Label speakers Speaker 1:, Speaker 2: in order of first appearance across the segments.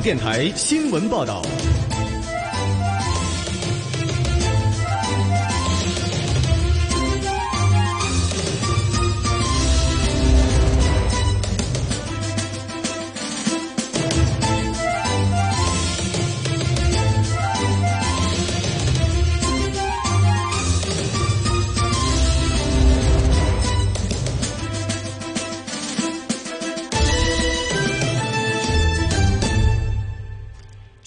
Speaker 1: 電台新聞報道。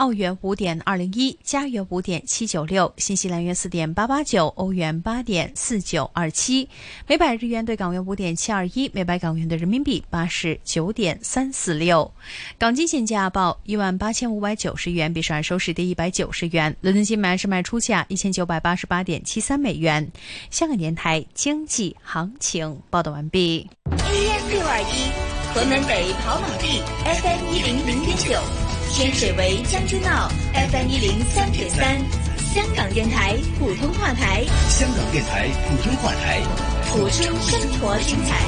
Speaker 2: 澳元五點二零一，加元五點七九六，新西蘭元四點八八九，歐元八點四九二七，每百日元兌港元五點七二一，每百港元兌人民幣八十九點三四六。港金現價報一萬八千五百九十元，比上日收市跌一百九十元。倫敦金買是賣出價一千九百八十八點七三美元。香港電台經濟行情報道完畢。
Speaker 3: AM 六二一，河南北跑馬地 FM 一零零點九。FN009 天水圍將軍澳 FM 一零三點三，FN103.3，香港
Speaker 4: 電台普通話台。香港電台普
Speaker 3: 通話台，普通生活精彩。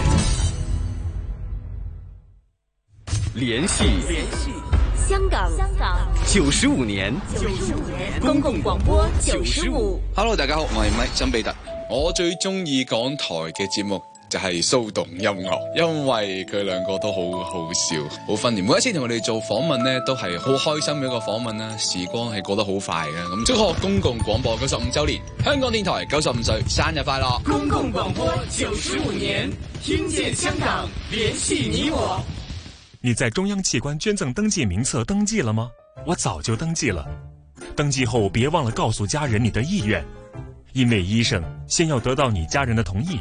Speaker 3: 連繫連繫香港香港
Speaker 1: 九十五年九十五年
Speaker 3: 公共廣播九十五。
Speaker 1: Hello，大家好，我係麥曾比特，我最中意港台嘅節目。就係、是、騷動音樂，因為佢兩個都好好笑，好訓練。每一次同我哋做訪問呢，都係好開心嘅一個訪問啦。時光係過得好快嘅，咁。祝賀公共廣播九十五周年，
Speaker 5: 香港電台九十五歲生日快樂！
Speaker 3: 公共廣播九十五年，聽見香港，聯繫你我。
Speaker 5: 你在中央器官捐贈登記名冊登記了嗎？我早就登記了。登記後別忘了告訴家人你的意願，因為醫生先要得到你家人的同意。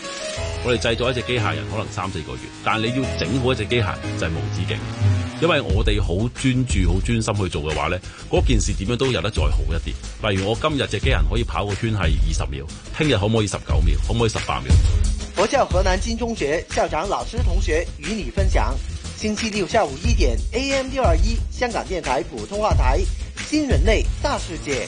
Speaker 6: 我哋製作一隻機械人可能三四個月，但你要整好一隻機械人就係無止境，因為我哋好專注、好專心去做嘅話呢嗰件事點樣都有得再好一啲。例如我今日隻機械人可以跑個圈係二十秒，聽日可唔可以十九秒，可唔可以十八秒？
Speaker 5: 佛教河南金中學校長老師同學與你分享，星期六下午一點，AM 六二一，香港電台普通話台，新人類大世界。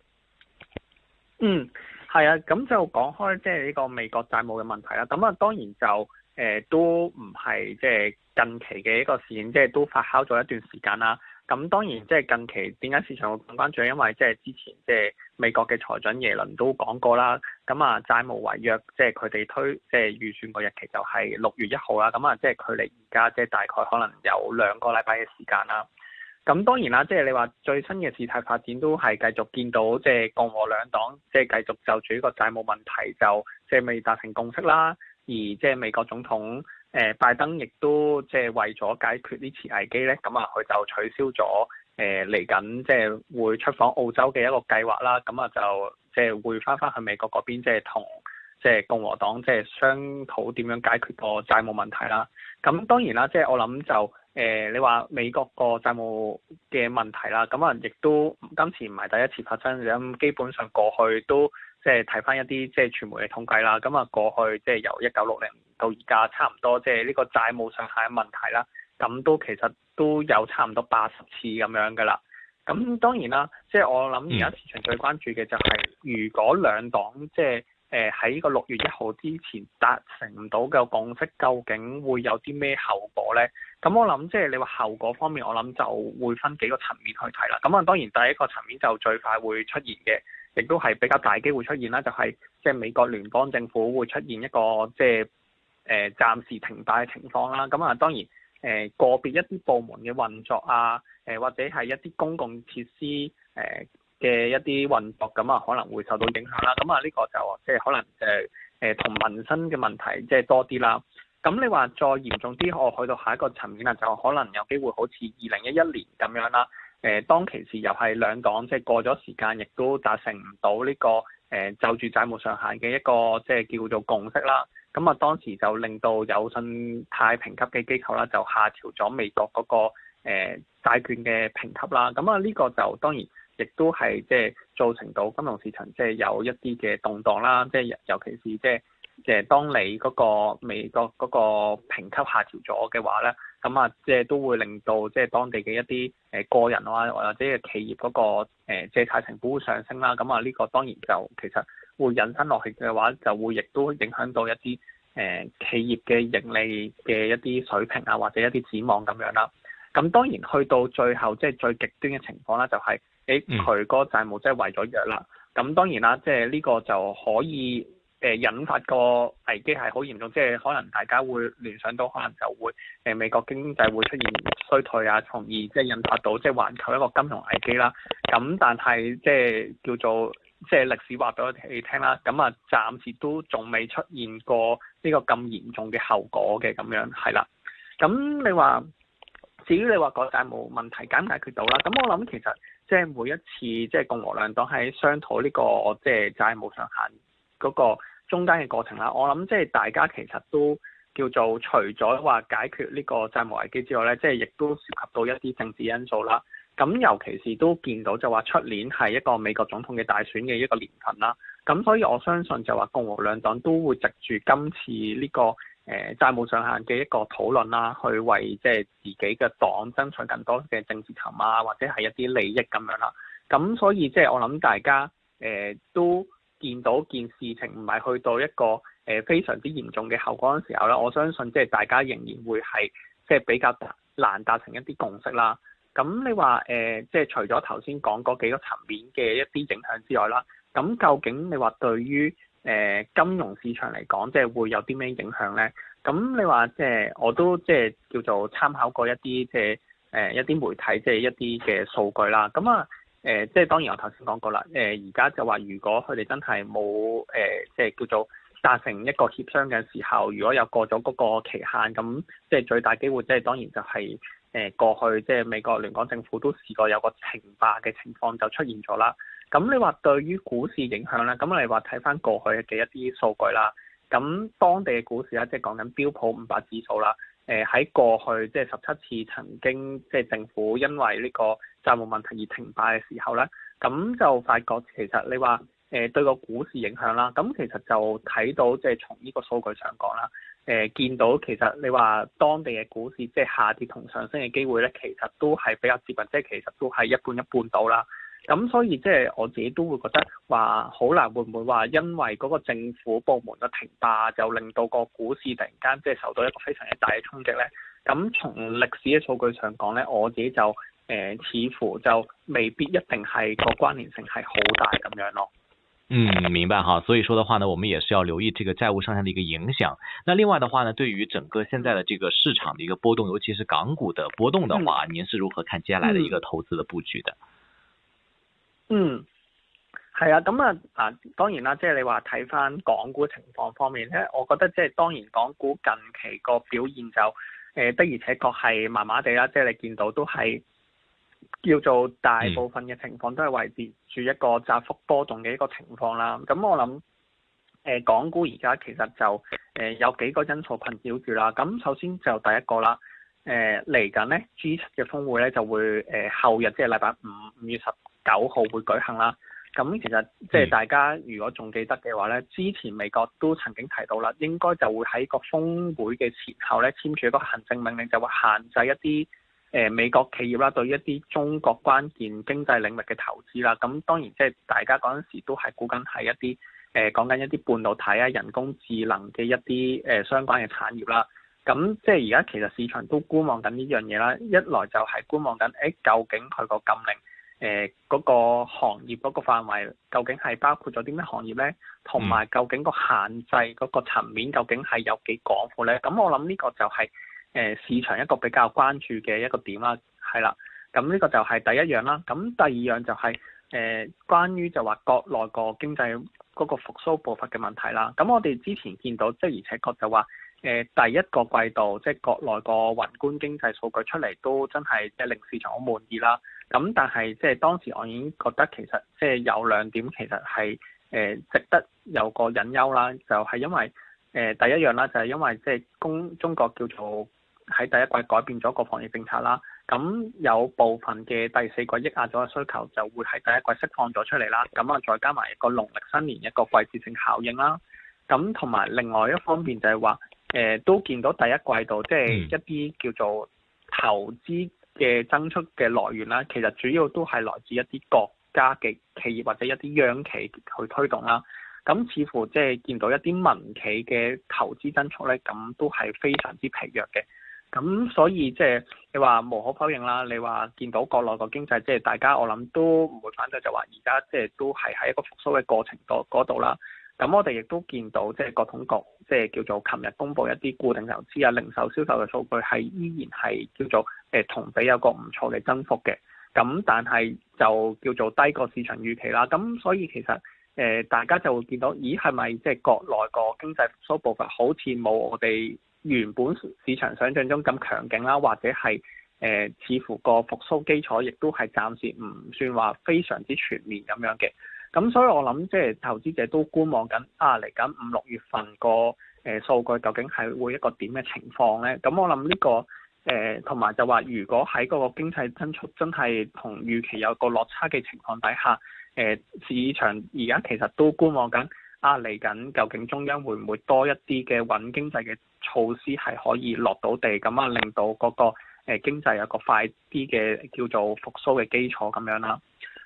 Speaker 4: 嗯，係啊，咁就講開即係呢個美國債務嘅問題啦。咁啊，當然就誒、呃、都唔係即係近期嘅一個事件，即、就、係、是、都發酵咗一段時間啦。咁當然即係近期點解市場會咁關注？因為即係之前即係美國嘅財長耶倫都講過啦。咁啊，債務違約即係佢哋推即係、就是、預算個日期就係六月一號啦。咁啊，即係距離而家即係大概可能有兩個禮拜嘅時間啦。咁當然啦，即係你話最新嘅事態發展都係繼續見到，即係共和兩黨即係繼續就住呢個債務問題就即係未達成共識啦。而即係美國總統誒拜登亦都即係為咗解決呢次危機咧，咁啊，佢就取消咗誒嚟緊即係會出訪澳洲嘅一個計劃啦。咁啊就即係會翻返去美國嗰邊，即係同即係共和黨即係商討點樣解決個債務問題啦。咁當然啦，即係我諗就。誒、呃，你話美國個債務嘅問題啦，咁可能亦都今次唔係第一次發生。咁基本上過去都即係睇翻一啲即係傳媒嘅統計啦。咁啊過去即係由一九六零到而家，差唔多即係呢個債務上限嘅問題啦。咁都其實都有差唔多八十次咁樣㗎啦。咁當然啦，即係我諗而家市場最關注嘅就係、是，如果兩黨即係誒喺呢個六月一號之前達成唔到嘅共識，究竟會有啲咩後果咧？咁我諗，即係你話後果方面，我諗就會分幾個層面去睇啦。咁啊，當然第一個層面就最快會出現嘅，亦都係比較大機會出現啦，就係即係美國聯邦政府會出現一個即係誒暫時停擺嘅情況啦。咁啊，當然誒、呃、個別一啲部門嘅運作啊，呃、或者係一啲公共設施嘅、呃、一啲運作，咁啊可能會受到影響啦。咁啊，呢個就即係可能誒、就、同、是呃、民生嘅問題即係多啲啦。咁你話再嚴重啲，我去到下一個層面就可能有機會好似二零一一年咁樣啦。誒，當其時又係兩黨即係過咗時間，亦都達成唔到呢個誒就住債務上限嘅一個即係叫做共識啦。咁啊，當時就令到有信貸評級嘅機構啦，就下調咗美國嗰個誒債券嘅評級啦。咁啊，呢個就當然亦都係即係造成到金融市場即係有一啲嘅動盪啦。即係尤其是即係。即係當你嗰個美國嗰個評級下調咗嘅話咧，咁啊，即係都會令到即係當地嘅一啲誒個人啊，或者係企業嗰個誒借貸成本會上升啦。咁啊，呢個當然就其實會引申落去嘅話，就會亦都影響到一啲誒、呃、企業嘅盈利嘅一啲水平啊，或者一啲展望咁樣啦。咁當然去到最後，即係最極端嘅情況咧，嗯，就係誒佢個債務真係違咗約啦。咁當然啦，即係呢個就可以。誒引發個危機係好嚴重，即係可能大家會聯想到，可能就會誒美國經濟會出現衰退啊，從而即係引發到即係環球一個金融危機啦。咁但係即係叫做即係歷史話俾我哋聽啦，咁啊暫時都仲未出現過呢個咁嚴重嘅後果嘅咁樣，係啦。咁你話至於你話個債務問題解唔解決到啦？咁我諗其實即係每一次即係共和兩黨當喺商討呢個即係債務上限嗰個中間嘅過程啦，我諗即係大家其實都叫做除咗話解決呢個債務危機之外呢，即係亦都涉及到一啲政治因素啦。咁尤其是都見到就話出年係一個美國總統嘅大選嘅一個年份啦。咁所以我相信就話共和兩黨都會藉住今次呢、呢個誒、呃、債務上限嘅一個討論啦，去為即係自己嘅黨爭取更多嘅政治籌碼，或者係一啲利益咁樣啦。咁所以即係我諗大家誒都，呃都見到件事情唔係去到一個誒非常之嚴重嘅後果嘅時候咧，我相信即係大家仍然會係即係比較難達成一啲共識啦。咁你話誒，即、呃、係除咗頭先講嗰幾個層面嘅一啲影響之外啦，咁究竟你話對於誒、呃、金融市場嚟講，即係會有啲咩影響咧？咁你話即係我都即係叫做參考過一啲即係誒、呃、一啲媒體即係一啲嘅數據啦。咁啊～誒、呃，即係當然我剛才，我頭先講過啦。誒，而家就話，如果佢哋真係冇誒，即係叫做達成一個協商嘅時候，如果有過咗嗰個期限，咁即係最大機會、就是，即係當然就係、是、誒、呃、過去，即係美國聯港政府都試過有個懲罰嘅情況就出現咗啦。咁你話對於股市影響啦，咁我哋話睇翻過去嘅一啲數據啦。咁當地嘅股市咧，即係講緊標普五百指數啦。喺、呃、過去即係十七次曾經，即係政府因為呢、這個。債務問題而停擺嘅時候咧，咁就發覺其實你話、欸、對個股市影響啦。咁其實就睇到即係、就是、從呢個數據上講啦，誒、欸、見到其實你話當地嘅股市即係、就是、下跌同上升嘅機會咧，其實都係比較接近，即係其實都係一半一半到啦。咁所以即係、就是、我自己都會覺得話好難會唔會話因為嗰個政府部門嘅停擺就令到個股市突然間即係受到一個非常之大嘅衝擊咧？咁從歷史嘅數據上講咧，我自己就。誒、呃，似乎就未必一定係個關聯性係好大咁樣咯、啊。嗯，
Speaker 1: 明白哈。所以說的話呢，我們也是要留意這個債務上下的一個影響。那另外的話呢，對於整個現在的這個市場的一個波動，尤其是港股的波動的話，您是如何看接下來的一個投資的布局的？
Speaker 4: 嗯，係、嗯、啊，咁啊啊，當然啦，即係你話睇返港股情況方面咧，我覺得即係當然港股近期個表現就誒、的、呃、而且確係麻麻地啦，即係你見到都係。叫做大部分嘅情況都係圍繞住一個窄幅波動嘅一個情況啦。咁我諗，誒、呃、港股而家其實就誒、呃、有幾個因素困擾住啦。咁首先就第一個啦，誒嚟緊咧 G 七嘅峰會咧就會誒、呃、後日即係禮拜五五月十九號會舉行啦。咁其實、嗯、即係大家如果仲記得嘅話咧，之前美國都曾經提到啦，應該就會喺個峰會嘅前後咧簽署一個行政命令，就會限制一啲。誒美國企業啦，對於一啲中國關鍵經濟領域嘅投資啦，咁當然即係大家嗰陣時都係估緊係一啲誒、呃、講緊一啲半導體啊、人工智能嘅一啲誒、呃、相關嘅產業啦。咁即係而家其實市場都觀望緊呢樣嘢啦，一來就係觀望緊誒、欸、究竟佢個禁令誒嗰、呃嗰個行業嗰個範圍究竟係包括咗啲咩行業咧，同埋究竟個限制嗰個層面究竟係有幾廣闊咧？咁我諗呢個就係、是，誒市場一個比較關注嘅一個點啦，係啦，咁呢個就係第一樣啦。咁第二樣就係、是、誒、呃、關於就話國內個經濟嗰個復甦步伐嘅問題啦。咁我哋之前見到，即係、就是、而且確就話、呃、第一個季度即係、就是、國內個宏觀經濟數據出嚟都真係即係令市場好滿意啦。咁但係即係當時我已經覺得其實即係、就是、有兩點其實係、呃、值得有個隱憂啦，就係、是、因為、呃、第一樣啦，就係因為即係公中國叫做，喺第一季改變咗個防疫政策啦，咁有部分嘅第四季抑壓咗嘅需求就會喺第一季釋放咗出嚟啦，咁啊再加埋一個農曆新年一個季節性效應啦，咁同埋另外一方面就係話，誒、呃、都見到第一季度即係一啲叫做投資嘅增速嘅來源啦，其實主要都係來自一啲國家嘅企業或者一啲央企去推動啦，咁似乎即係見到一啲民企嘅投資增速咧，咁都係非常之疲弱嘅。咁所以即係你話無可否認啦，你話見到國內個經濟即係大家我諗都唔會反對，就話而家即係都係喺一個復甦嘅過程度嗰度啦。咁我哋亦都見到即係國統局即係叫做琴日公布一啲固定投資啊、零售銷售嘅數據係依然係叫做誒同比有個唔錯嘅增幅嘅。咁但係就叫做低過市場預期啦。咁所以其實誒大家就會見到咦係咪即係國內個經濟復甦步伐好似冇我哋原本市場想像中咁強勁啦，或者係、呃、似乎個復甦基礎亦都係暫時唔算話非常之全面咁樣嘅。咁所以我諗，即係投資者都觀望緊啊，嚟緊五六月份個、呃、數據究竟係會一個點嘅情況呢？咁我諗呢、個同埋、呃、就話，如果喺嗰個經濟增速真係同預期有個落差嘅情況底下、呃，市場而家其實都觀望緊。啊！嚟緊，究竟中央會唔會多一啲嘅穩經濟嘅措施係可以落到地咁啊，令到嗰、那個誒、呃、經濟有一個快啲嘅叫做復甦嘅基礎咁樣啦、啊。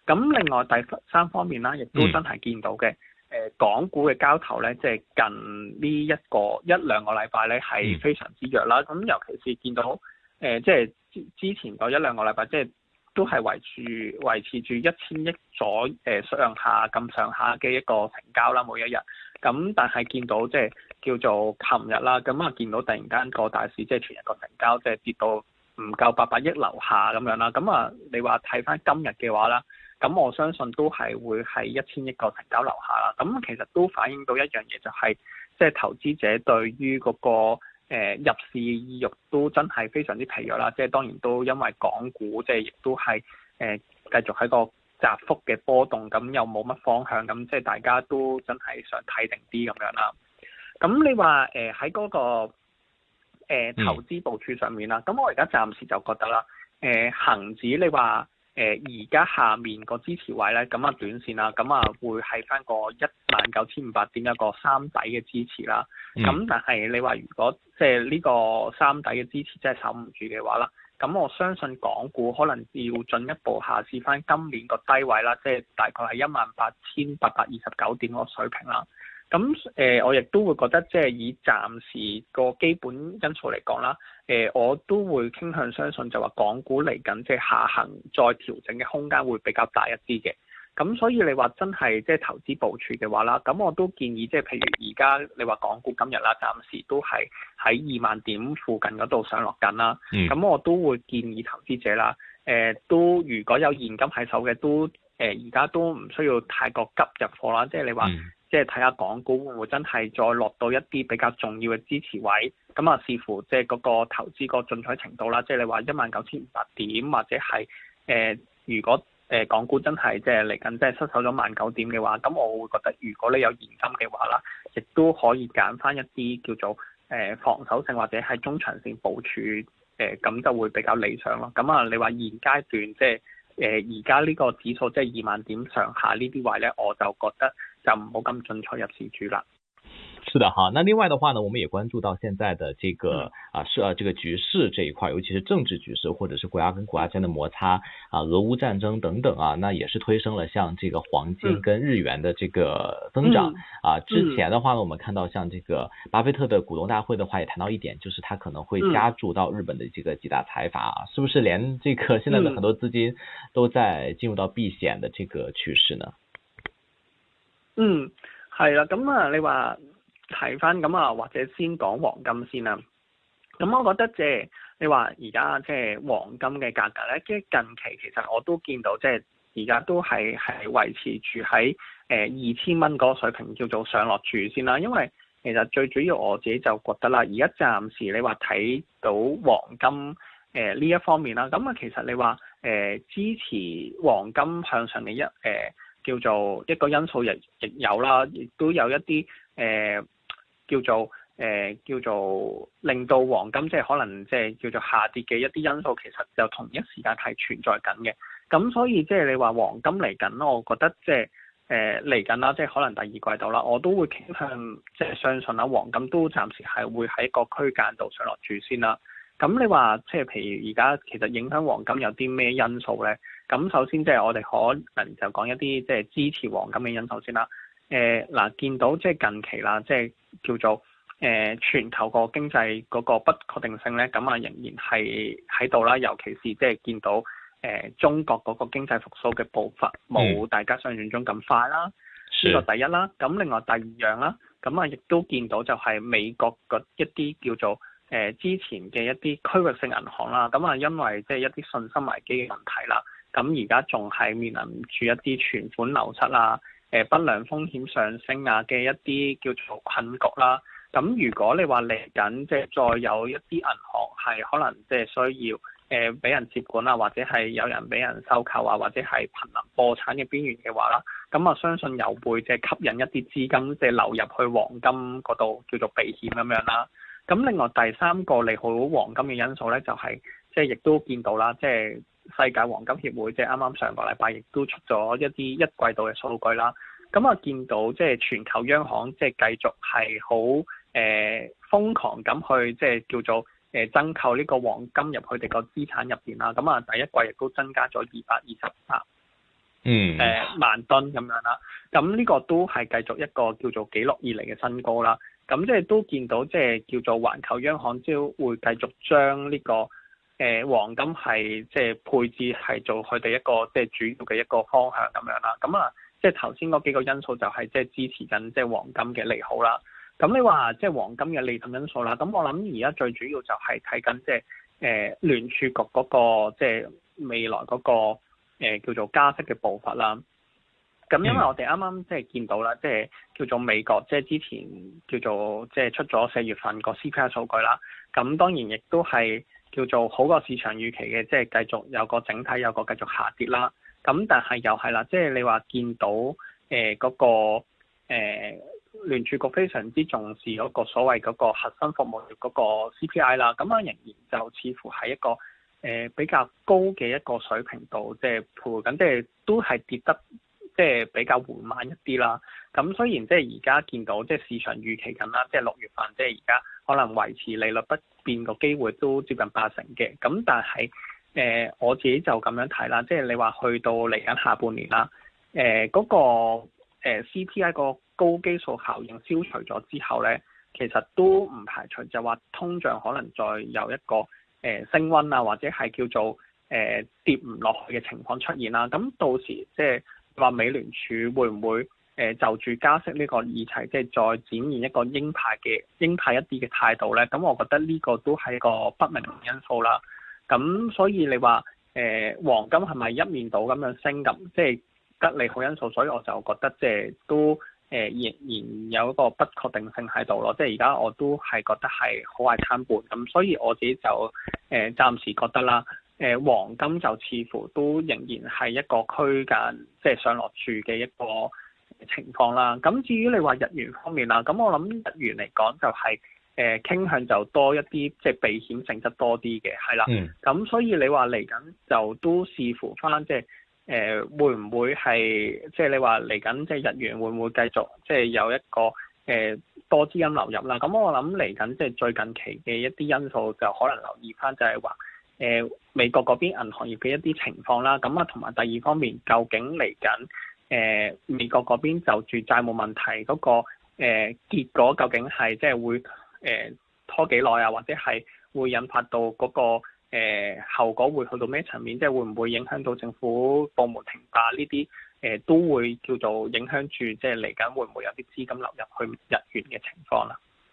Speaker 4: 咁另外第三方面啦、啊，亦都真係見到嘅誒、嗯呃，港股嘅交投咧，即、就、係、是、近呢一個一兩個禮拜咧，係非常之弱啦。咁、嗯、尤其是見到誒，即、呃、係、就是、之前嗰一兩個一兩個禮拜，即係。都係圍住維持住一千億左右、呃、上下咁上下嘅一個成交啦，每一日。咁但係見到即係、就是、叫做琴日啦，咁啊見到突然間個大市即係、就是、全日個成交即係、就是、跌到唔夠八百億樓下咁樣啦。咁啊，你話睇翻今日嘅話啦，咁我相信都係會喺一千億個成交樓下啦。咁其實都反映到一樣嘢，就係即係投資者對於嗰、嗰個。誒入市意欲都真係非常之疲弱啦，即係當然都因為港股即亦都係誒繼續喺個窄幅嘅波動，咁又冇乜方向，咁即係大家都真係想睇定啲咁樣啦。咁你話誒喺嗰個、呃、投資部署上面啦，咁、嗯、我而家暫時就覺得啦，誒、呃、恆指你話。誒而家下面個支持位咧，咁啊短線啦、啊，咁啊會係翻個一萬九千五百點一個三底嘅支持啦。咁、嗯、但係你話如果即係呢個三底嘅支持真係守唔住嘅話啦，咁我相信港股可能要進一步下試翻今年個低位啦，即、就、係、是、大概係一萬八千八百二十九點個水平啦。咁誒、呃，我亦都會覺得即係以暫時個基本因素嚟講啦，誒、呃，我都會傾向相信就話港股嚟緊即係下行再調整嘅空間會比較大一啲嘅。咁所以你話真係即係投資部署嘅話啦，咁我都建議，即係譬如而家你話港股今日啦，暫時都係喺二萬點附近嗰度上落緊啦。咁、嗯、我都會建議投資者啦，誒、呃，都如果有現金喺手嘅，都誒，而、呃、家都唔需要太過急入貨啦。即係你話。嗯即係睇下港股會唔會真係再落到一啲比較重要嘅支持位咁啊？視乎即係嗰個投資個進取程度啦。即、就、係、是、你話一萬九千五百點或者係誒、呃，如果誒港股真係即係嚟緊即係失守咗萬九點嘅話，咁我會覺得，如果你有現金嘅話啦，亦都可以揀翻一啲叫做誒、呃、防守性或者係中長線部署，誒、呃，咁就會比較理想咯。咁啊，你話現階段即係誒而家呢個指數即係二萬點上下呢啲位咧，我就覺得。就冇咁進取
Speaker 1: 入市主啦。是的哈，那另外的話呢，我們也關注到現在的這個啊，是、嗯、啊，這個局勢這一塊，尤其是政治局勢，或者是國家跟國家之間的摩擦啊，俄烏戰爭等等啊，那也是推升了像這個黃金跟日元的這個增長、嗯、啊。之前的話呢、嗯，我們看到像這個巴菲特的股東大會的話，也談到一點，就是他可能會加注到日本的這個幾大財閥啊、嗯，是不是連這個現在的很多資金都在進入到避險的這個趨勢呢？嗯嗯。
Speaker 4: 嗯，係啦，咁啊，你話睇返咁啊，或者先講黃金先啦。咁我覺得即係你話而家即係黃金嘅價格咧，即係近期其實我都見到即係而家都係係維持住喺誒二千蚊嗰個水平叫做上落住先啦。因為其實最主要我自己就覺得啦，而家暫時你話睇到黃金誒呢、呃、一方面啦，咁啊其實你話誒、呃、支持黃金向上嘅一誒。呃叫做一個因素亦亦有啦，亦都有一啲誒、呃、叫做誒、呃、叫做令到黃金即係可能即係叫做下跌嘅一啲因素，其實就同一時間係存在緊嘅。咁所以即係你話黃金嚟緊，我覺得即係誒嚟緊啦，即係可能第二季度啦，我都會傾向即係相信啦，黃金都暫時係會喺個區間度上落住先啦。咁你話即係譬如而家其實影響黃金有啲咩因素咧？咁首先即係我哋可能就講一啲即係支持黃金嘅因素先啦。誒嗱，見到即係近期啦，即係叫做誒全球個經濟嗰個不確定性咧，咁啊仍然係喺度啦。尤其是即係見到誒中國嗰個經濟復甦嘅步伐冇大家想象中咁快啦，呢、mm. 個第一啦。咁另外第二樣啦，咁啊亦都見到就係美國嗰一啲叫做誒之前嘅一啲區域性銀行啦，咁啊因為即係一啲信心危機嘅問題啦。咁而家仲係面臨住一啲存款流失啊、誒不良風險上升啊嘅一啲叫做困局啦、啊。咁如果你話嚟緊即係再有一啲銀行係可能即係需要誒俾人接管啊，或者係有人俾人收購啊，或者係瀕臨破產嘅邊緣嘅話啦、啊，咁啊相信又會即係吸引一啲資金即係流入去黃金嗰度叫做避險咁樣啦、啊。咁另外第三個利好黃金嘅因素咧、就係，就係即係亦都見到啦，即係。世界黃金協會即係啱啱上個禮拜亦都出咗一啲一季度嘅數據啦，咁啊見到即係全球央行即係繼續係好誒瘋狂咁去即係叫做誒增購呢個黃金入去佢哋個資產入邊啦，咁啊第一季亦都增加咗二百二十八，嗯、
Speaker 7: 呃、誒
Speaker 4: 萬噸咁樣啦，咁呢個都係繼續一個叫做紀錄以嚟嘅新高啦，咁即係都見到即係叫做環球央行即會繼續將呢、這個。誒黃金係即係配置係做佢哋一個即係、就是、主要嘅一個方向咁樣啦。咁啊，即係頭先嗰幾個因素就係即係支持緊即係黃金嘅利好啦。咁你話即係黃金嘅利淡因素啦。咁我諗而家最主要就係睇緊即係誒聯儲局嗰、那個即係、就是、未來嗰、那個、欸、叫做加息嘅步伐啦。
Speaker 2: 咁因為我
Speaker 4: 哋啱啱即係見到啦，即、就、係、是、叫做美國即係、就是、之前叫做即係、就是、出咗四月份個 CPI 數據啦。咁當然亦都係。叫做好過市場預期嘅，即係繼續有個整體有個繼續下跌啦。咁但係又係啦，即係你話見到誒嗰、呃那個誒、呃、聯儲局非常之重視嗰個所謂嗰個核心服務業嗰個 CPI 啦。咁啊，仍然就似乎喺一個誒、呃、比較高嘅一個水平度，即係徘徊緊，即係都係跌得，即係比較緩慢一啲啦。咁雖然即係而家見到即係市場預期緊啦，即係六月份即係而家可能維持利率不變個機會都接近八成嘅。咁但係誒、呃、我自己就咁樣睇啦。即係你話去到嚟緊下半年啦，誒、呃、嗰、嗰個、呃、CPI 個高基數效應消除咗之後咧，其實都唔排除就話通脹可能再有一個誒、呃、升溫啊，或者係叫做誒、呃、跌唔落去嘅情況出現啦。咁到時即係，話美聯儲會唔會誒就住加息呢個議題，即係再展現一個鷹派嘅鷹派一啲嘅態度咧？咁我覺得呢個都係一個不明因素啦。咁所以你話誒黃金係咪一面倒咁樣升咁，即係得利好因素？所以我就覺得即係都誒、呃，仍然有一個不確定性喺度咯。即係而家我都係覺得係好壞參半。咁所以我自己就誒、呃、暫時覺得啦。誒黃金就似乎都仍然係一個區間，即係上落柱嘅一個情況啦。咁至於你話日元方面啦，咁我諗日元嚟講就係誒傾向就多一啲，即係避險性質多啲嘅，係啦。嗯。咁所以你話嚟緊就都視乎翻，即係誒會唔會係即係你話嚟緊即係日元會唔會繼續即係有一個誒多資金流入啦？咁我諗嚟緊即係最近期嘅一啲因素就可能留意翻，就係話。誒、呃、美國嗰邊銀行業嘅一啲情況啦，咁啊同埋第二方面，究竟嚟緊誒美國嗰邊就住債務問題嗰、那個誒、呃、結果究竟係即係會誒、呃、拖幾耐啊，或者係會引發到嗰、那個誒、呃、後果會去到咩層面，即、就、係、是、會唔會影響到政府部門停擺呢啲誒都會叫做影響住，即係嚟緊會唔會有啲資金流入去日元嘅情況啦、啊？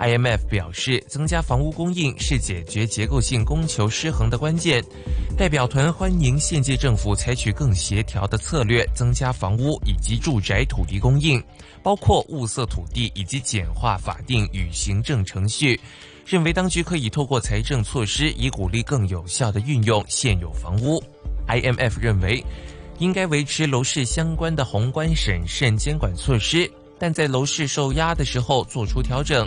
Speaker 5: IMF 表示，增加房屋供應是解決結構性供求失衡的關鍵。代表團歡迎現屆政府採取更協調的策略，增加房屋以及住宅土地供應，包括物色土地以及簡化法定與行政程序。認為當局可以透過財政措施，以鼓勵更有效的運用現有房屋。IMF 認為，應該維持樓市相關的宏觀審慎監管措施，但在樓市受壓的時候做出調整。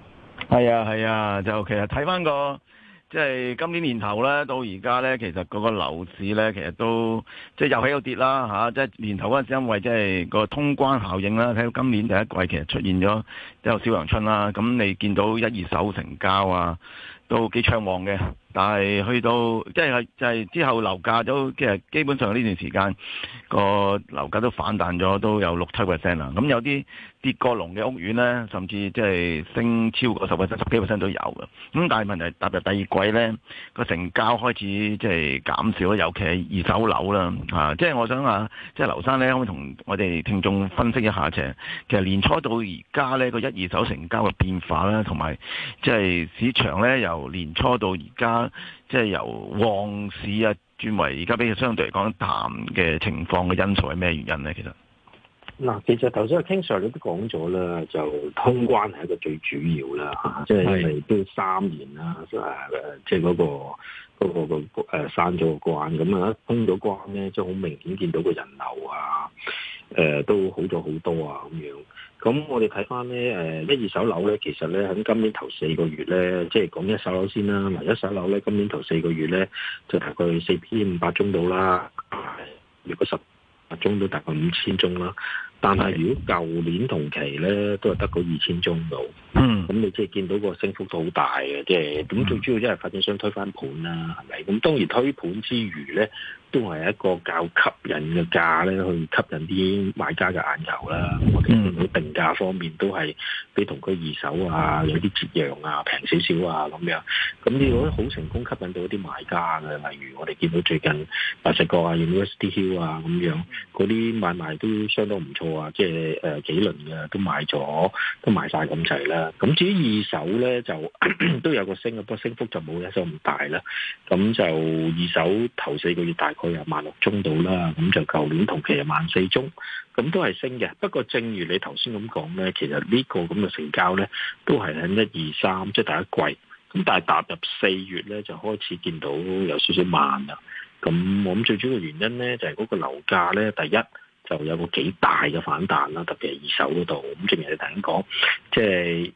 Speaker 6: 係啊，係啊，就其實睇返個，即係今年年頭咧，到而家咧，其實嗰個樓市咧，其實都即係又起又跌啦，即係年頭嗰陣時，因為即係個通關效應啦，睇到今年第一季其實出現咗即係有小陽春啦，咁你見到一二手成交啊，都幾暢旺嘅，但係去到即係就係之後樓價都其實基本上呢段時間，個樓價都反彈咗，都有六七個 percent 啦，咁有啲。跌過龍嘅屋苑咧，甚至即係升超過十個 percent、十幾個 percent 都有嘅。咁但係問題踏入第二季咧，個成交開始即係減少，尤其係二手樓啦嚇。即、啊、係、就是、我想啊，即、就、係、是、劉生咧，可唔可以同我哋聽眾分析一下？就係其實年初到而家咧，個一二手成交嘅變化咧，同埋即係市場咧，由年初到而家，即、就、係、是、由旺市啊轉為而家比較相對嚟講淡嘅情況嘅因素係咩原因咧？其實？
Speaker 7: 嗱，其實頭先阿 King Sir 你都講咗啦，就通關係一個最主要啦嚇、嗯，即係因為都三年啦，即係誒，即係嗰個嗰、那個、呃、了個誒閂咗關咁啊，通咗關咧，即係好明顯見到個人流啊，誒、呃、都好咗好多啊咁樣。咁我哋睇翻咧誒，一二手樓咧，其實咧喺今年頭四個月咧，即係講一手樓先啦，嗱一手樓咧今年頭四個月咧，就大概四千五百宗到啦，如果十 10, 萬宗都大概五千宗啦。但係如果舊年同期咧，都係得嗰二千宗到，咁、嗯、你即係見到個升幅都好大嘅，即係咁最主要因為發展商推翻盤啦、啊，係咪？咁當然推盤之餘咧，都係一個較吸引嘅價咧，去吸引啲買家嘅眼球啦。我哋見到定價方面都係比同區二手啊，有啲折讓啊，平少少啊咁樣，樣。咁你如果好成功吸引到啲買家嘅，例如我哋見到最近白石角啊 University Hill 啊咁樣嗰啲買賣都相當唔錯啊，即係誒、呃、幾輪嘅都買咗，都買晒咁滯啦。咁至於二手咧，就咳咳都有個升嘅，不過升幅就冇一手咁大啦。咁就二手頭四個月大。佢又萬六宗到啦，咁就舊年同期係萬四宗，咁都係升嘅。不過正如你頭先咁講呢，其實呢個咁嘅成交呢，都係喺一二三，即係第一季。咁但係踏入四月呢，就開始見到有少少慢啦。咁我諗最主要嘅原因呢，就係、是、嗰個樓價呢，第一就有一個幾大嘅反彈啦，特別係二手嗰度。咁正如你頭先講，即、就、係、是、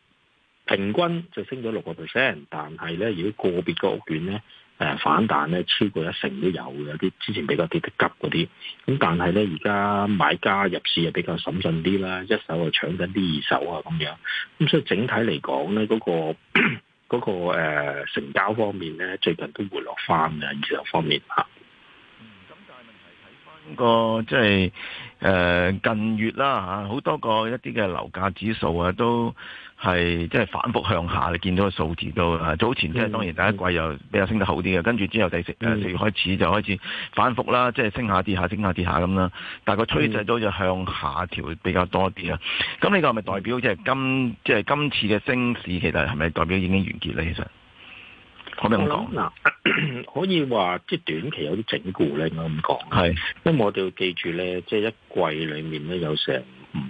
Speaker 7: 平均就升咗六個 percent，但係呢，如果個別個屋苑呢。誒，反彈咧，超過一成都有，有啲之前比較跌得急嗰啲。咁但係咧，而家買家入市又比較審慎啲啦，一手就搶緊啲二手啊咁樣，咁所以整體嚟講咧，嗰個嗰個誒成交方面咧，最近都回落翻嘅二手方面啊，嗯，咁但係問題睇翻個即
Speaker 6: 係誒近月啦吓，好多個一啲嘅樓價指數啊都。係即係反覆向下，你見到個數字都早前即係，嗯，當然第一季又比較升得好啲嘅，跟住之後第四，嗯，四月開始就開始反覆啦，即係升下跌下，升下跌下咁啦。但係個趨勢都就向下調比較多啲啦。咁，嗯，呢個係咪代表即係今即係今次嘅升市其實係咪代表已經完結咧？其實可唔可以咁講？
Speaker 7: 嗱，可以話即係短期有啲整固咧，我唔講。係，因為我哋要記住咧，即係一季裡面咧有成，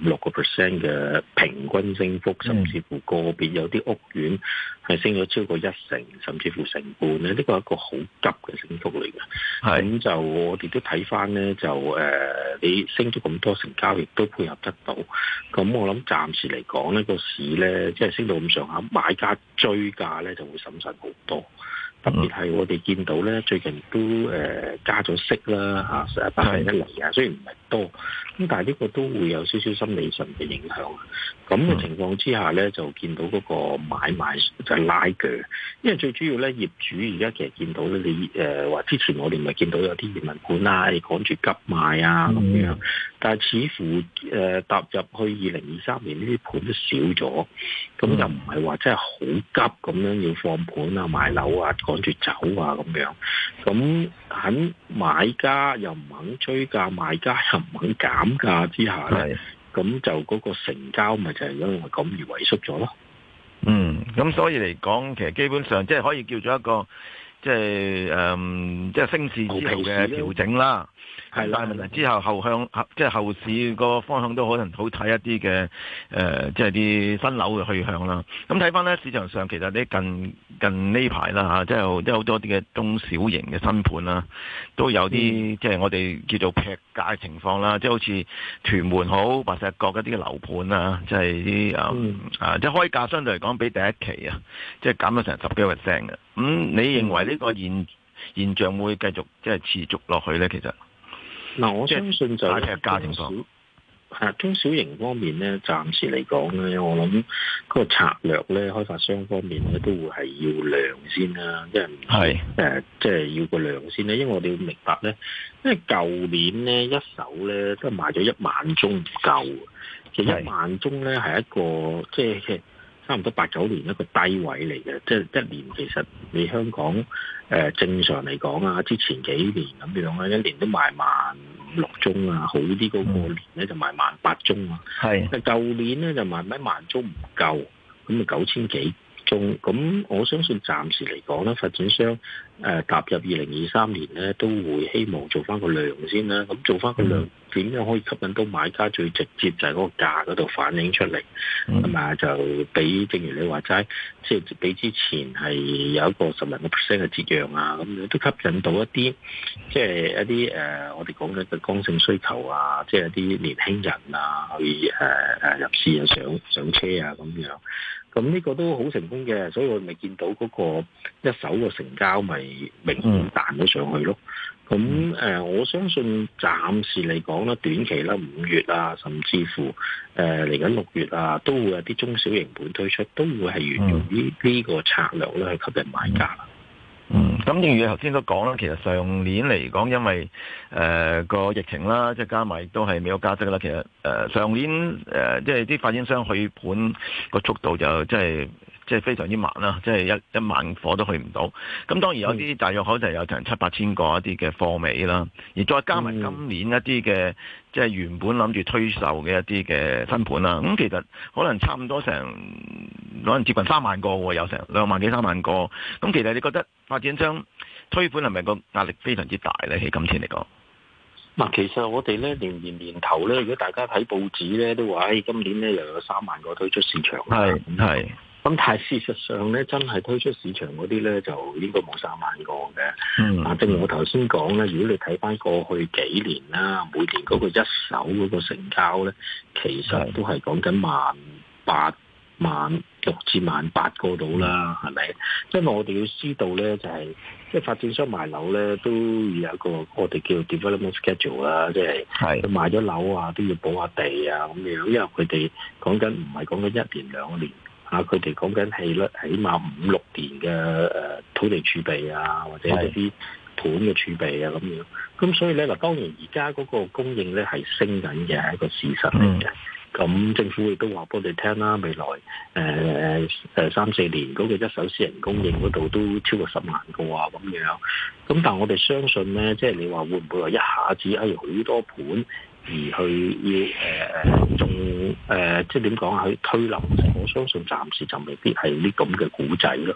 Speaker 7: 五六個 percent 嘅平均升幅，甚至乎個別有啲屋苑係升咗超過一成，甚至乎成半咧，呢個係一個好急嘅升幅嚟嘅。係。咁就我哋都睇翻咧，就誒、呃、你升咗咁多成交，亦都配合得到。咁我諗暫時嚟講呢個市咧即係升到咁上下，買家追價咧就會審慎好多。特別係我哋見到咧，最近都誒加咗息啦，嚇成日單人一嚟啊，雖然唔係多，咁但係呢個都會有少少心理上嘅影響。
Speaker 2: 咁嘅情
Speaker 7: 況之下咧，就見到嗰個買賣就拉鋸，因為最主要咧，業主而家其實見到咧，你誒話之前我哋咪見到有啲移民盤呀，你趕住急賣啊咁樣，嗯、但係似乎誒、呃、踏入去二零二三年呢啲盤都少咗，咁又唔係話真係好急咁樣要放盤啊、賣樓啊。諗住走啊咁樣，咁肯買家又唔肯追價，賣家又唔肯減價之下咧，咁就嗰個成交咪就係因為咁而萎縮咗咯。嗯，咁所以嚟講，其實
Speaker 6: 基本上即係可以叫做一個即係誒，即係升市期嘅調整啦。係，但係之後後向即係後市個方向都可能好睇一啲嘅，誒、呃，即係啲新樓嘅去向啦。咁睇翻咧，市場上其實啲近近呢排啦即係都好多啲嘅中小型嘅新盤啦，都有啲、嗯、即係我哋叫做劈價嘅情況啦。即係好似屯門好、白石角一啲嘅樓盤啊，即係啲啊啊，即係開價相對嚟講比第一期啊，即係減咗成十幾個 percent 嘅。咁你認為呢個現現象會繼續即係持續落去咧？其實？
Speaker 7: 嗱，我相信就係家庭房，係啊，中小型方面咧，暫時嚟講咧，我諗嗰個策略咧，開發商方面咧，都會係要量先啦，即係唔係誒，即係要個量先咧，因為我哋要明白咧，因為舊年咧一手咧都賣咗一萬宗唔夠，其實一萬宗咧係一個即係，就是差唔多八九年一個低位嚟嘅，即係一年其實你香港誒、呃、正常嚟講啊，之前幾年咁樣啊，一年都賣萬六宗啊，好啲嗰個年咧就賣萬八宗啊。係，但舊年咧就賣咪萬宗唔夠，咁咪九千幾。仲咁，我相信暫時嚟講咧，發展商誒、呃、踏入二零二三年咧，都會希望做翻個量先啦。咁做翻個量點樣可以吸引到買家？最直接就係嗰個價嗰度反映出嚟，咁、嗯、啊就比，正如你話齋，即係比之前係有一個十零個 percent 嘅折讓啊，咁都吸引到一啲，即、就、係、是、一啲誒、呃、我哋講嘅嘅剛性需求啊，即係一啲年輕人啊，去誒誒入市啊，上上車啊咁樣。咁呢個都好成功嘅，所以我咪見到嗰個一手個成交咪明顯彈咗上去咯。咁、呃、我相信暫時嚟講啦，短期啦，五月啊，甚至乎誒嚟緊六月啊，都會有啲中小型盤推出，都會係沿用於呢、呢個策略
Speaker 6: 咧去吸引買家啦。嗯，咁正如你頭先都講啦，其實上年嚟講，因為誒、呃、個疫情啦，即係加埋都係未有加息啦。其實誒、呃、上年誒即係啲發展商去盤個速度就即係。就是即係非常之慢啦，即係一一萬貨都去唔到。咁當然有啲大約可能就有成七八千個一啲嘅貨尾啦、嗯。而再加埋今年一啲嘅、嗯、即係原本諗住推售嘅一啲嘅新盤啦。咁、嗯、其實可能差唔多成可能接近三萬個喎，有成兩萬幾三萬個。咁其實你覺得發展商推盤係咪個壓力非常之大呢？喺今天嚟
Speaker 7: 講？嗱，其實我哋呢年年年頭呢，如果大家睇報紙呢，都話、哎、今年呢又有三萬個推出市場。
Speaker 6: 係係。
Speaker 7: 咁但係事實上咧，真係推出市場嗰啲咧，就應該冇三萬個嘅。嗯，嗱，正如我頭先講呢，如果你睇翻過去幾年啦，每年嗰個一手嗰個成交咧，其實都係講緊萬八萬六至萬八個度啦，係咪？因為我哋要知道咧、就係，就係即係發展商賣樓咧，都有一個我哋叫 development schedule 啦，即係佢賣咗樓啊，都要補下地啊咁樣，因為佢哋講緊唔係講緊一年兩年。啊！佢哋講緊係咧，起碼五六年嘅誒土地儲備啊，或者一啲盤嘅儲備啊咁樣。咁所以咧，嗱，當然而家嗰個供應咧係升緊嘅，係一個事實嚟嘅。咁、嗯、政府亦都話俾我哋聽啦，未來誒誒三四年嗰個一手私人供應嗰度都超過十萬個啊咁樣。咁但係我哋相信咧，即係你話會唔會話一下子誒好多盤？而去要誒誒仲誒，即係點講？去推樓，我相信暫時就未必係啲咁嘅古仔咯。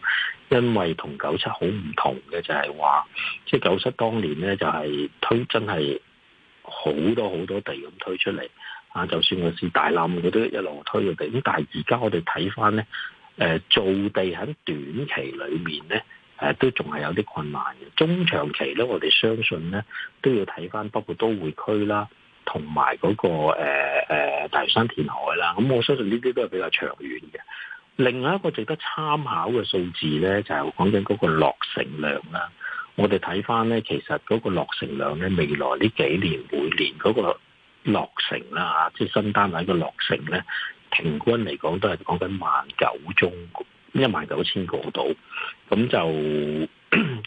Speaker 7: 因為同九七好唔同嘅，就係、是、話，即係九七當年咧，就係、是、推真係好多好多地咁推出嚟啊！就算個市大冧，我都一路推嘅地。咁但係而家我哋睇翻咧，誒、呃、造地喺短期裏面咧，誒、啊、都仲係有啲困難嘅。中長期咧，我哋相信咧，都要睇翻包括都會區啦。同埋嗰個、呃呃、大嶼山填海啦，咁我相信呢啲都係比較長遠嘅。另外一個值得參考嘅數字呢，就係講緊嗰個落成量啦。我哋睇翻呢，其實嗰個落成量呢，未來呢幾年每年嗰個落成啦，即係新單位個落成呢，平均嚟講都係講緊萬九宗，一萬九千個度。咁就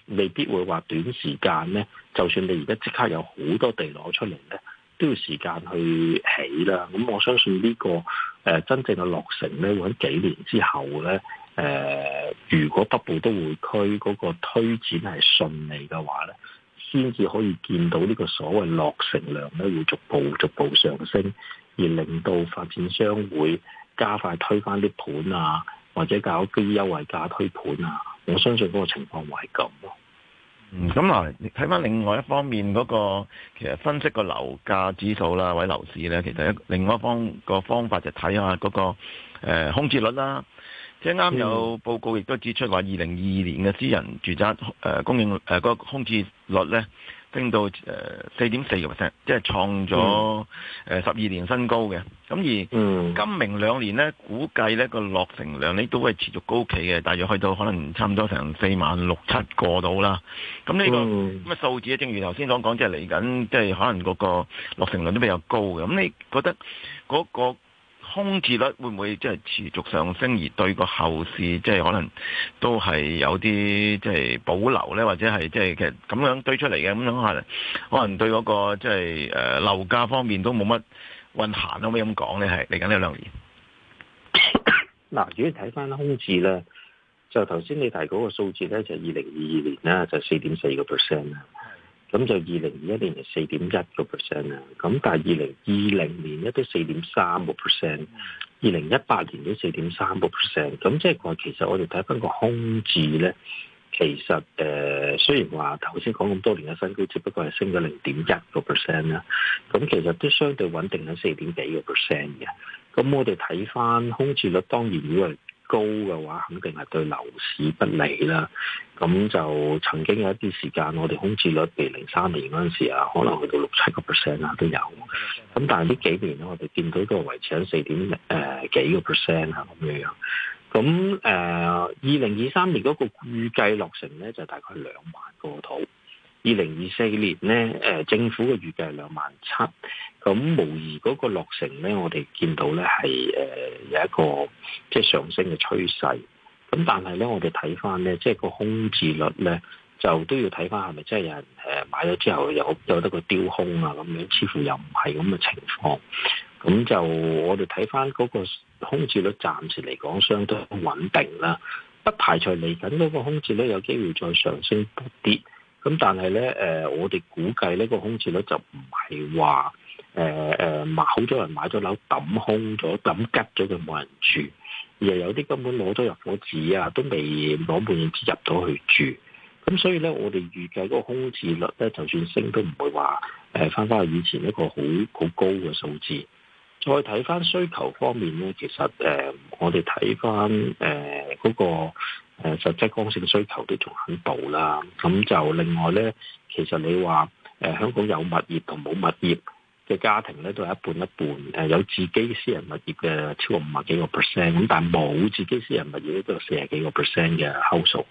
Speaker 7: 未必會話短時間呢，就算你而家即刻有好多地攞出嚟呢，需要時間去起啦，咁我相信呢、這個、呃、真正嘅落成咧，會喺幾年之後咧、呃、如果北部都會區嗰、那個推展係順利嘅話咧，先至可以見到呢個所謂落成量咧，會逐步逐步上升，而令到發展商會加快推返啲盤啊，或者搞啲優惠價推盤啊，我相信嗰個情況會係咁咯。嗯，咁啊，睇翻另外一方面嗰個，
Speaker 6: 其實分析個樓價指數啦，或者樓市咧，其實一另外一個方一個方法就睇下嗰個、呃、空置率啦。即啱有報告亦都指出話，二零二二年嘅私人住宅誒供應誒個空置率咧，升到誒四點四個 percent，即係創咗誒十二年新高嘅。咁、嗯、而今明兩年咧，估計咧、呢個落成量呢都係持續高企嘅，大約去到可能差唔多成四萬六七個度啦。咁、嗯、呢、呢個咁嘅數字，正如頭先所講，即係嚟緊，即係可能嗰個落成量都比較高嘅。咁你覺得嗰、嗰個？空置率會唔會即係持續上升，而對個後市即係可能都係有啲即係保留咧，或者係即係其實咁樣堆出嚟嘅咁樣可能，可能對嗰個即係誒樓價方面都冇乜運行，可唔可以咁講咧？係嚟緊呢兩
Speaker 7: 年嗱，如果睇翻空置咧，就頭先你提嗰個數字咧，就係二零二二年啦，就四點四個 percent 啦。咁就二零二一年, 4.1%，年，年係四點一個 percent 啦，咁但係二零二零年一啲四點三個 percent，二零一八年都四點三個 percent，咁即係話其實我哋睇翻個空置咧，其實誒、呃、雖然話頭先講咁多年嘅新高，只不過係升咗零點一個 percent 啦，咁其實都相對穩定喺四點幾個 percent 嘅，咁我哋睇翻空置率，當然如果係高嘅話，肯定係對樓市不利啦。咁就曾經有一段時間，我哋空置率比零三年嗰陣時啊，可能去到六七個 percent 啊都有。咁但係呢幾年咧，我哋見到都維持喺四點誒、呃、幾個 percent 啊咁樣樣。咁誒，二零二三年嗰個預計落成咧就是、大概兩萬個土。二零二四年咧，誒、呃、政府嘅預計係兩萬七。咁無疑嗰個落成咧，我哋見到咧係誒有一個即係上升嘅趨勢。咁但係咧，我哋睇翻咧，即係個空置率咧，就都要睇翻係咪真係有人誒買咗之後有有得個丟空啊咁樣，似乎又唔係咁嘅情況。咁就我哋睇翻嗰個空置率，暫時嚟講相對穩定啦。不排除嚟緊嗰個空置率有機會再上升啲。咁但係咧，誒、呃、我哋估計呢個空置率就唔係話。誒誒買好多人買咗樓抌空咗抌吉咗，就冇人住。而有啲根本攞咗入夥紙啊，都未攞半件紙入到去住。咁所以呢，我哋預計嗰個空置率呢，就算升都唔會話誒翻翻去以前一個好好高嘅數字。再睇翻需求方面呢，其實誒、呃、我哋睇翻誒嗰個誒實際剛性需求都仲肯度啦。咁就另外呢，其實你話誒、呃、香港有物業同冇物業。嘅家庭咧都係一半一半，誒有自己私人物業嘅超過五十幾個 percent，咁但係冇自己私人物業咧都有四十幾個 percent 嘅數，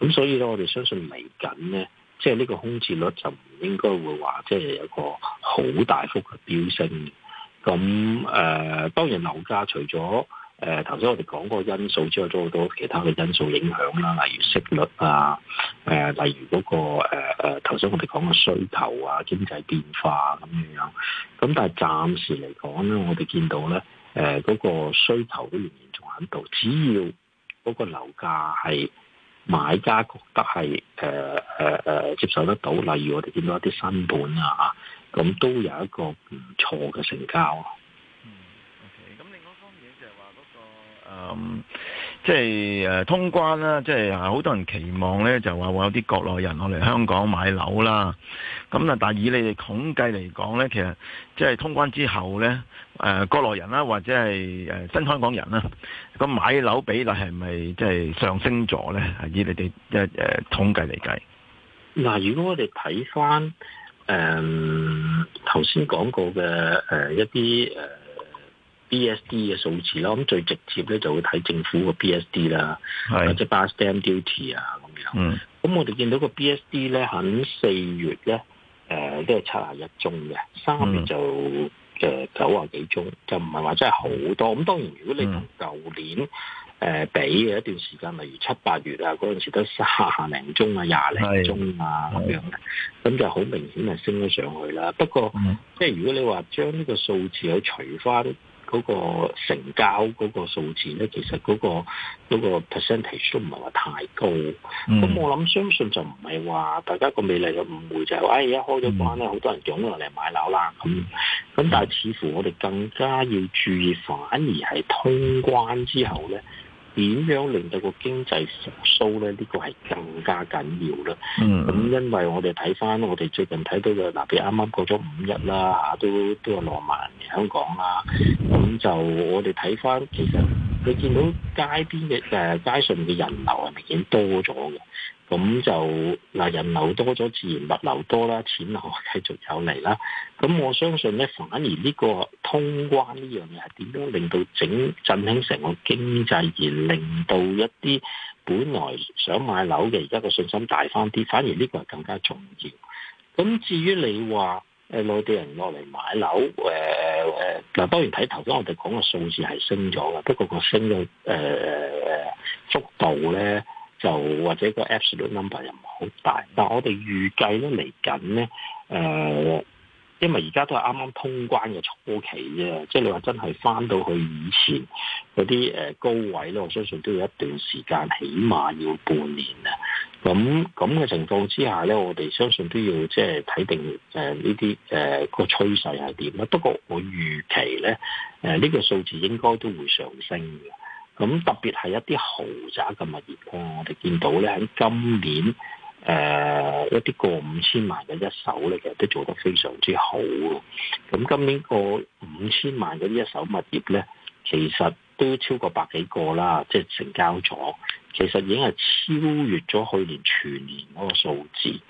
Speaker 7: 咁所以咧我哋相信嚟緊咧，即係呢個空置率就唔應該會話即係有一個好大幅嘅飆升，咁誒、呃、當然樓價除咗。誒頭先我哋講個因素之外，都好多其他嘅因素影響啦，例如息率啊，誒、呃，例如嗰、那個誒誒，頭、呃、先我哋講嘅需求啊，經濟變化咁、啊、樣樣。咁但係暫時嚟講咧，我哋見到咧，誒、呃、嗰、那個需求都仍然仲喺度。只要嗰個樓價係買家覺得係誒誒誒接受得到，例如我哋見到一啲新盤啊，咁、啊、都有一個唔錯嘅成交、啊。
Speaker 6: 誒、嗯，即係誒通關啦，即係好多人期望咧，就話會有啲國內人落嚟香港買樓啦。咁啊，但係以你哋統計嚟講咧，其實即係通關之後咧，誒、呃、國內人啦，或者係誒、呃、新香港人啦，個買樓比例係咪即係上升咗咧？以你哋一誒統計嚟計，
Speaker 7: 嗱，如果我哋睇翻誒頭先講過嘅誒、呃、一啲誒。B.S.D 嘅數字啦，咁最直接咧就會睇政府個 B.S.D 啦，或者 Buyer Stamp Duty 啊咁
Speaker 5: 樣。
Speaker 7: 咁、嗯、我哋見到個 B.S.D 咧，喺四月咧，誒都係七十一宗嘅，三月就誒九啊幾宗，就唔係話真係好多。咁當然如果你同舊年誒、嗯呃、比嘅一段時間，例如七八月啊，嗰陣時三十零宗啊、廿零宗啊咁樣咧，咁、嗯、就好明顯係升咗上去啦。不過即係、嗯就是、如果你話將呢個數字去除翻。嗰、那個成交嗰個數字咧，其實嗰、那個、那個 percentage 都唔係話太高。咁、嗯、我諗相信就唔係話大家個未來嘅誤會就係、是、話，哎，而家開咗關咧，好、嗯、多人湧入嚟買樓啦。咁咁，但係似乎我哋更加要注意，反而係通關之後咧。點樣令到個經濟復甦咧？呢、呢個係更加緊要啦。咁、mm-hmm. 因為我哋睇翻，我哋最近睇到嘅，嗱，譬如啱啱過咗五日啦，都都有浪漫嘅香港啦。咁就我哋睇翻，其實你見到街邊嘅、呃、街上面嘅人流係明顯多咗嘅。咁就嗱，人流多咗，自然物流多啦，錢流繼續有嚟啦。咁我相信咧，反而呢個通關呢樣嘢係點樣令到整振興成個經濟，而令到一啲本來想買樓嘅而家個信心大翻啲，反而呢個係更加重要。咁至於你話誒內地人落嚟買樓，誒誒嗱，當然睇頭先我哋講個數字係升咗啦，不過個升嘅誒速度咧。就或者個 absolute number 又唔好大，但我哋預計咧嚟緊咧，因為而家都係啱啱通關嘅初期啫，即係你話真係翻到去以前嗰啲高位咧，我相信都要一段時間，起碼要半年啊。咁咁嘅情況之下咧，我哋相信都要即係睇定誒呢啲誒個趨勢係點啦。不過我預期咧，呃呢個數字應該都會上升嘅。咁特別係一啲豪宅嘅物業、啊、我哋見到咧喺今年誒、呃、一啲過五千萬嘅一手咧，其實都做得非常之好、啊。咁今年過五千萬嘅一手物業咧，其實都超過百幾個啦，即、就、係、是、成交咗。其實已經係超越咗去年全年嗰個數字。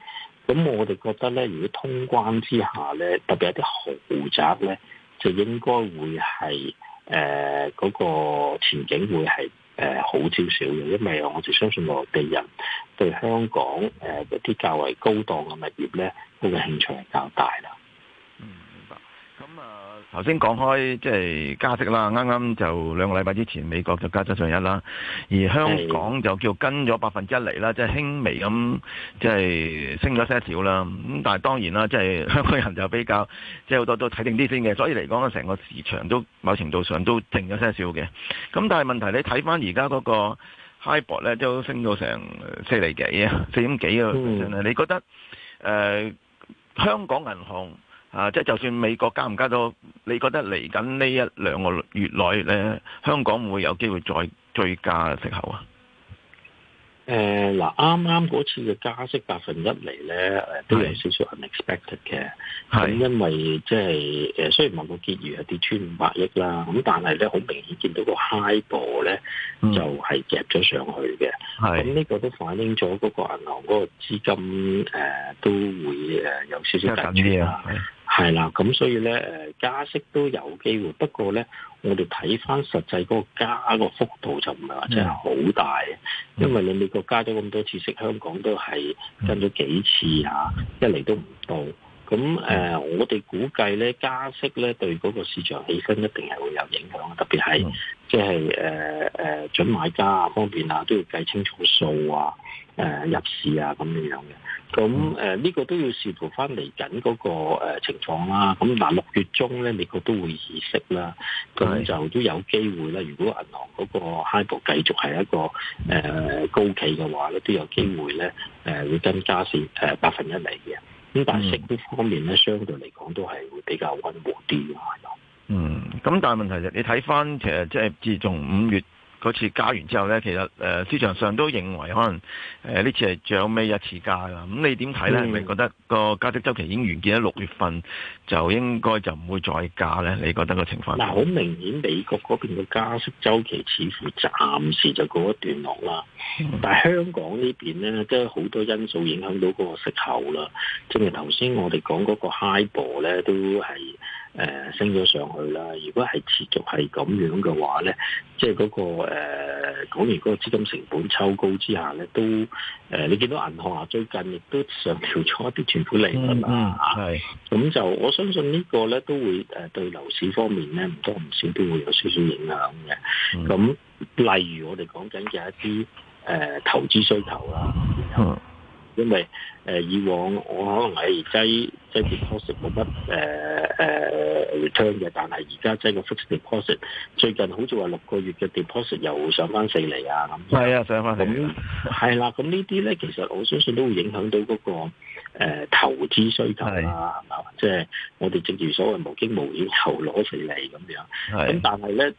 Speaker 7: 咁我哋覺得咧，如果通關之下咧，特別一啲豪宅咧，就應該會係。誒、呃、嗰、那個前景會係誒、呃、好少少嘅，因為我哋相信內地人對香港誒啲、呃、較為高檔嘅物業咧，佢、那、嘅、個、興趣係較大
Speaker 1: 啦。嗯，明
Speaker 6: 白。咁啊～頭先講開即係、就是、加息啦，啱啱就兩個禮拜之前美國就加息上一啦，而香港就叫跟咗百分之一嚟啦，即係輕微咁即係升咗些少啦。咁但係當然啦，即、就、係、是、香港人就比較即係好多都睇定啲先嘅，所以嚟講成個市場都某程度上都靜咗些少嘅。咁但係問題你睇返而家嗰個 HIBOR 呢都升到成四厘幾啊，四點幾啊你覺得誒、呃、香港銀行？啊！即係就算美國加唔加到，你覺得嚟緊呢一兩個月內咧，香港唔會有機會再追加息口啊？
Speaker 7: 誒嗱，啱啱嗰次嘅加息百分一嚟咧，誒都有少少 unexpected 嘅，咁因為即係誒雖然萬到結餘有跌穿五百億啦，咁但係咧好明顯見到個 HIBOR 咧、嗯、就係、是、夾咗上去嘅，咁呢個都反映咗嗰個銀行嗰個資金誒、呃、都會誒有少少緊張啦，係啦，咁所以咧誒加息都有機會，不過咧。我哋睇翻實際嗰個加個幅度就唔係話真係好大，因為你美國加咗咁多次息，香港都係跟咗幾次嚇，一嚟都唔到。咁、呃、我哋估計咧加息咧對嗰個市場起升一定係會有影響，特別係即係準買家方面呀、啊，都要計清楚數呀、啊呃、入市呀、啊、咁樣嘅。咁呢、呃這個都要視乎返嚟緊嗰個情況啦。咁、呃、嗱、呃、六月中呢，美國都會議息啦，咁就都有機會啦。如果銀行嗰個 HIBOR 繼續係一個、呃、高企嘅話咧，都有機會呢、呃、會跟加息誒、呃、百分一嚟嘅。咁但係食啲方面咧、嗯，相對嚟講都係會比較温和啲嘅，係嗯，
Speaker 6: 咁、嗯、
Speaker 7: 但係問題就你睇翻其
Speaker 6: 實即係自從五月。嗰次加完之後呢，其實誒、呃、市場上都認為可能誒呢、呃、次係最後尾一次加㗎，咁你點睇呢？嗯、係咪覺得個加息周期已經完結？喺六月
Speaker 7: 份就應該就唔會再加呢？你覺得個情況？嗱，好明顯美國嗰邊嘅加息周期似乎暫時就過一段落啦， 但係香港呢邊呢，都有好多因素影響到嗰個息口啦，正如頭先我哋講嗰個 high ball 咧，都係。誒升咗上去啦！如果係持續係咁樣嘅話咧，即係嗰個誒講完嗰個資金成本抽高之下咧，都誒、呃、你見到銀行啊最近亦都上調咗一啲存款利率嘛嚇，咁、嗯啊啊、就我相信呢個呢個咧都會、呃、對樓市方面咧唔多唔少都會有少少影響嘅。咁、嗯、例如我哋講緊嘅一啲誒、呃、投資需求啦。因為誒、呃、以往我可能而擠即啲 deposit 冇乜誒誒 return 嘅，但係而家即係個 fixed deposit 最近好似話六個月嘅 deposit 又上翻四釐啊咁，
Speaker 6: 係啊上翻四釐啦，
Speaker 7: 係啦，咁呢啲咧其實我相信都會影響到嗰、那個、呃、投資需求啦、啊，係嘛？即係我哋正如所謂無驚無險求攞四釐咁樣，咁，但係咧。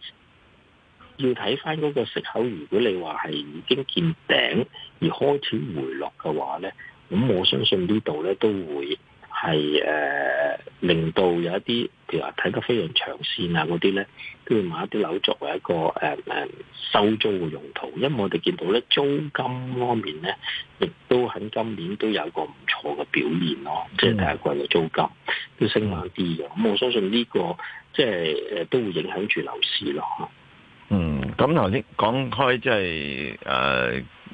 Speaker 7: 要睇翻嗰個食口，如果你話係已經見頂而開始回落嘅話咧，咁我相信呢度咧都會係誒、呃、令到有一啲，譬如話睇得非常長線啊嗰啲咧，都會買一啲樓作為一個誒誒、呃、收租嘅用途，因為我哋見到咧租金方面咧，亦都喺今年都有個唔錯嘅表現咯，即、嗯、係、就是、第一季嘅租金都升猛啲嘅，咁我相信呢、這個即係誒都會影響住樓市咯。
Speaker 6: 嗯，咁頭先講開即係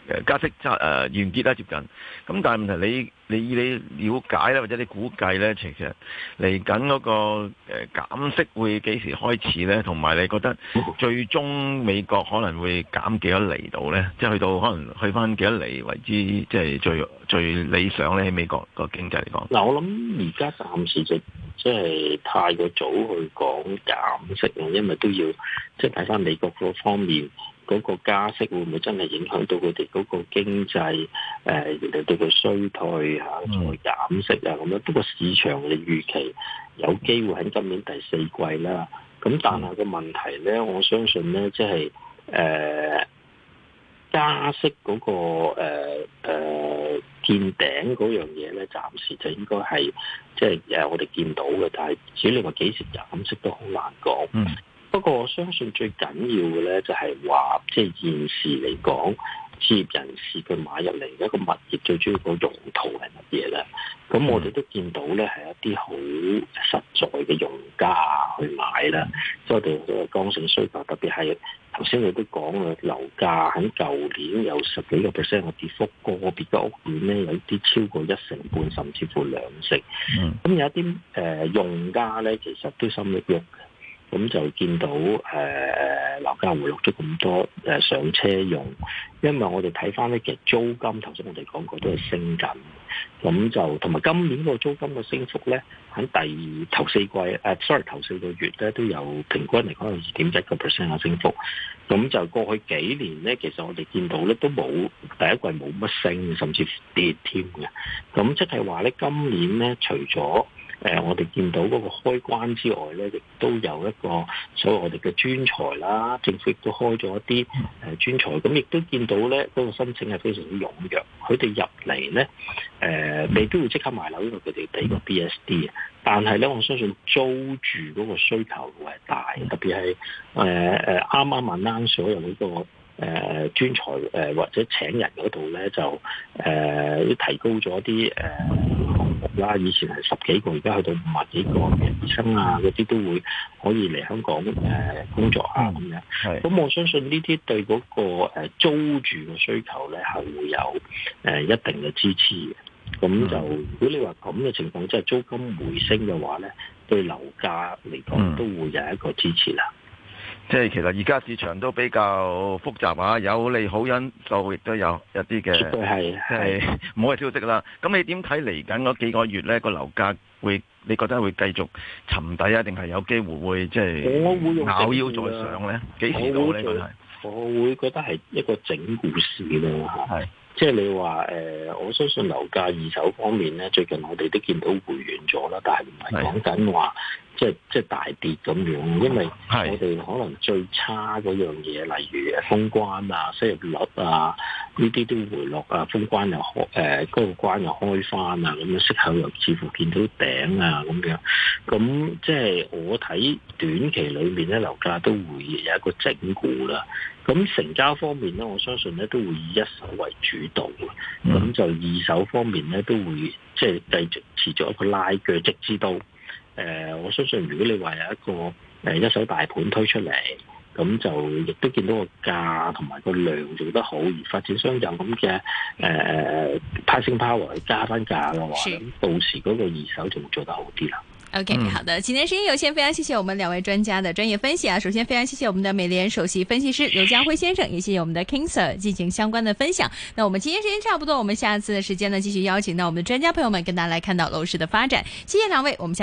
Speaker 6: 誒加息即誒、呃、完結啦，接近。咁但係問題，你你以你了解咧，或者你估計咧，其實嚟緊嗰個誒減息會幾時開始咧？同埋你覺得最終美國可能會減幾多厘度咧？即係去到可能去翻幾多厘為之，即係最最理想咧？喺美國個經濟嚟講，
Speaker 7: 嗱，我諗而家暫時即。即、就、係、是、太過早去講減息啊，因為都要即係睇翻美國嗰方面嗰、那個加息會唔會真係影響到佢哋嗰個經濟？誒、呃，原來對佢衰退嚇再、啊、減息啊咁樣。不過市場嘅預期有機會喺今年第四季啦。咁但係個問題咧，我相信咧，即係誒加息嗰、那個誒、呃呃見頂嗰樣嘢咧，暫時就應該係即係誒，我哋見到嘅，但係至於你話幾時減息都好難講。不過我相信最緊要嘅咧，就係話即係現時嚟講。職業人士佢買入嚟一個物業最主要個用途係乜嘢咧？咁我哋都見到咧，係一啲好實在嘅用家去買啦，即係我哋用咗剛性需求，特別係頭先你都講啦，樓價喺舊年有十幾個 percent 嘅跌幅，個別嘅屋苑咧有啲超過一成半，甚至乎兩成。咁有一啲誒、呃、用家咧，其實都心力用咁就見到誒，樓價回落咗咁多誒、呃、上車用，因為我哋睇翻咧，其實租金頭先我哋講過都係升緊，咁就同埋今年個租金個升幅咧，喺第二頭四季誒、啊，sorry 頭四個月咧，都有平均嚟講係二點一個 percent 嘅升幅，咁就過去幾年咧，其實我哋見到咧都冇第一季冇乜升，甚至跌添嘅，咁即係話咧今年咧，除咗誒、呃，我哋見到嗰個開關之外咧，亦都有一個所謂我哋嘅專才啦。政府亦都開咗一啲誒、呃、專才，咁亦都見到咧，嗰、那個申請係非常之踴躍。佢哋入嚟咧，誒未必會即刻買樓，因為佢哋俾個 BSD。但係咧，我相信租住嗰個需求會係大，特別係誒誒啱啱問 l 所有呢、那個誒、呃、專才誒、呃、或者請人嗰度咧，就誒、呃、提高咗啲誒。呃啦，以前係十幾個，而家去到五十幾個嘅醫生啊，嗰啲都會可以嚟香港誒工作下咁樣。咁我相信呢啲對嗰個租住嘅需求咧係會有誒一定嘅支持嘅。咁就如果你話咁嘅情況即係、就是、租金回升嘅話咧，對樓價嚟講都會有一個支持啦。即係其實而
Speaker 6: 家市場都比較複雜啊，有利好因素，亦都有一啲嘅，絕對係係唔好去挑剔啦。咁 你點睇嚟緊嗰幾個月呢？個樓價會你覺得會繼續沉底啊，定係有機會會即
Speaker 7: 係咬腰再上呢？幾時都咧、啊？我會覺得係一個整故事咯嚇，即係你話誒、呃，我相信樓價二手方面呢，最近我哋都見到回軟咗啦，但係唔係講緊話。即係係即大跌咁樣，因為我哋可能最差嗰樣嘢，例如封關啊、失業率啊，呢啲都回落啊。封關又開，誒嗰個關又開翻啊，咁樣息口又似乎見到頂啊，咁樣。咁即係我睇短期裏面咧，樓價都會有一個整固啦。咁成交方面咧，我相信咧都會以一手為主導咁，嗯、就二手方面咧都會即係繼續持續一個拉鋸之刀。呃、我相信如果你話有一個、呃、一手大盤推出嚟，咁就亦都見到個價同埋個量做得好，而發展商就有咁嘅誒 passing power 去加翻價嘅話，咁、呃呃、到時嗰個二手就會做得好啲啦。
Speaker 2: OK，好的，今天時間有限，非常謝謝我們兩位專家的專業分析啊。首先，非常謝謝我們的美聯首席分析師劉嘉輝先生，也謝謝我們的 King Sir 進行相關的分享。那我們今天時間差不多，我們下次嘅時間呢，繼續邀請到我們的專家朋友們跟大家來看到樓市嘅發展。謝謝兩位，我們下。